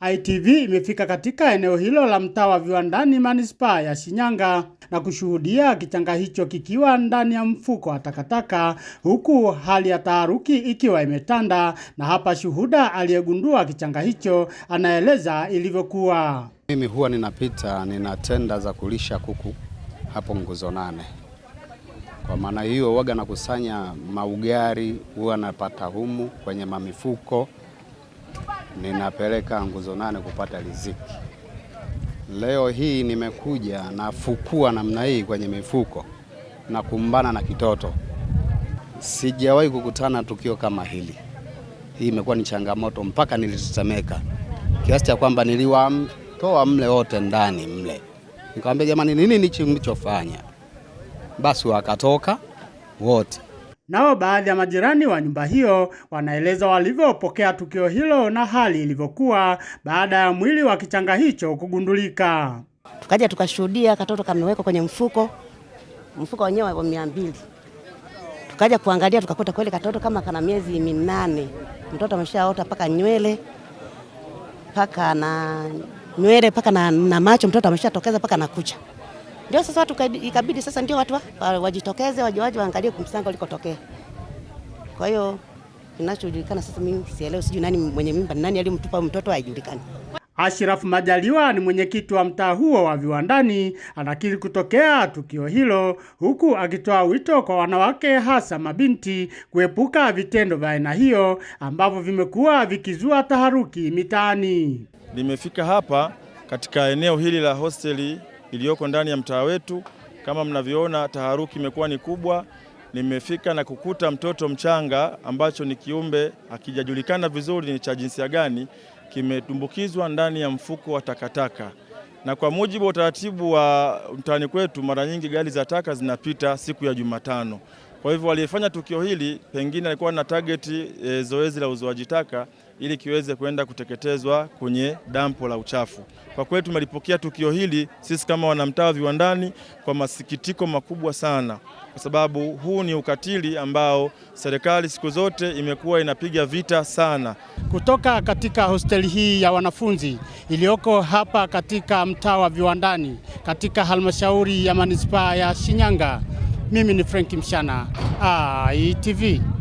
ITV imefika katika eneo hilo la mtaa wa Viwandani manispaa ya Shinyanga na kushuhudia kichanga hicho kikiwa ndani ya mfuko wa takataka, huku hali ya taharuki ikiwa imetanda. Na hapa shuhuda aliyegundua kichanga hicho anaeleza ilivyokuwa. Mimi huwa ninapita, nina tenda za kulisha kuku hapo nguzo nane. Kwa maana hiyo, waga nakusanya maugari, huwa napata humu kwenye mamifuko ninapeleka nguzo nane kupata riziki. Leo hii nimekuja nafukua namna hii kwenye mifuko na kumbana na kitoto. Sijawahi kukutana tukio kama hili. Hii imekuwa ni changamoto mpaka nilitetemeka kiasi cha kwamba niliwatoa mle wote ndani mle, nikamwambia jamani, nini nichi mlichofanya? Basi wakatoka wote. Nao baadhi ya majirani wa nyumba hiyo wanaeleza walivyopokea tukio hilo na hali ilivyokuwa baada ya mwili wa kichanga hicho kugundulika. Tukaja tukashuhudia katoto kamewekwa kwenye mfuko, mfuko wenyewe wa mia mbili. Tukaja kuangalia tukakuta kweli katoto kama kana miezi minane, mtoto ameshaota mpaka nywele mpaka na nywele mpaka na, na macho mtoto ameshatokeza mpaka na kucha. Ndio sasa watu ikabidi sasa ndio watu wajitokeze waje waje waangalie kumsanga ulikotokea. Kwa hiyo kinachojulikana sasa, mimi sielewi, sijui nani mwenye mimba, nani aliyemtupa mtoto haijulikani. Ashraf Majaliwa ni mwenyekiti wa mtaa huo wa Viwandani, anakiri kutokea tukio hilo, huku akitoa wito kwa wanawake, hasa mabinti, kuepuka vitendo vya aina hiyo ambavyo vimekuwa vikizua taharuki mitaani. Nimefika hapa katika eneo hili la hosteli iliyoko ndani ya mtaa wetu. Kama mnavyoona, taharuki imekuwa ni kubwa. Nimefika na kukuta mtoto mchanga ambacho ni kiumbe hakijajulikana vizuri ni cha jinsia gani, kimetumbukizwa ndani ya mfuko wa takataka na kwa mujibu wa utaratibu wa mtaani kwetu, mara nyingi gari za taka zinapita siku ya Jumatano. Kwa hivyo waliyefanya tukio hili pengine alikuwa na tageti e, zoezi la uzoaji taka ili kiweze kwenda kuteketezwa kwenye dampo la uchafu. Kwa kweli tumelipokea tukio hili sisi kama wanamtaa wa viwandani kwa masikitiko makubwa sana, kwa sababu huu ni ukatili ambao serikali siku zote imekuwa inapiga vita sana. Kutoka katika hosteli hii ya wanafunzi iliyoko hapa katika mtaa wa viwandani katika halmashauri ya manispaa ya Shinyanga. Mimi ni Frank Mshana, ITV.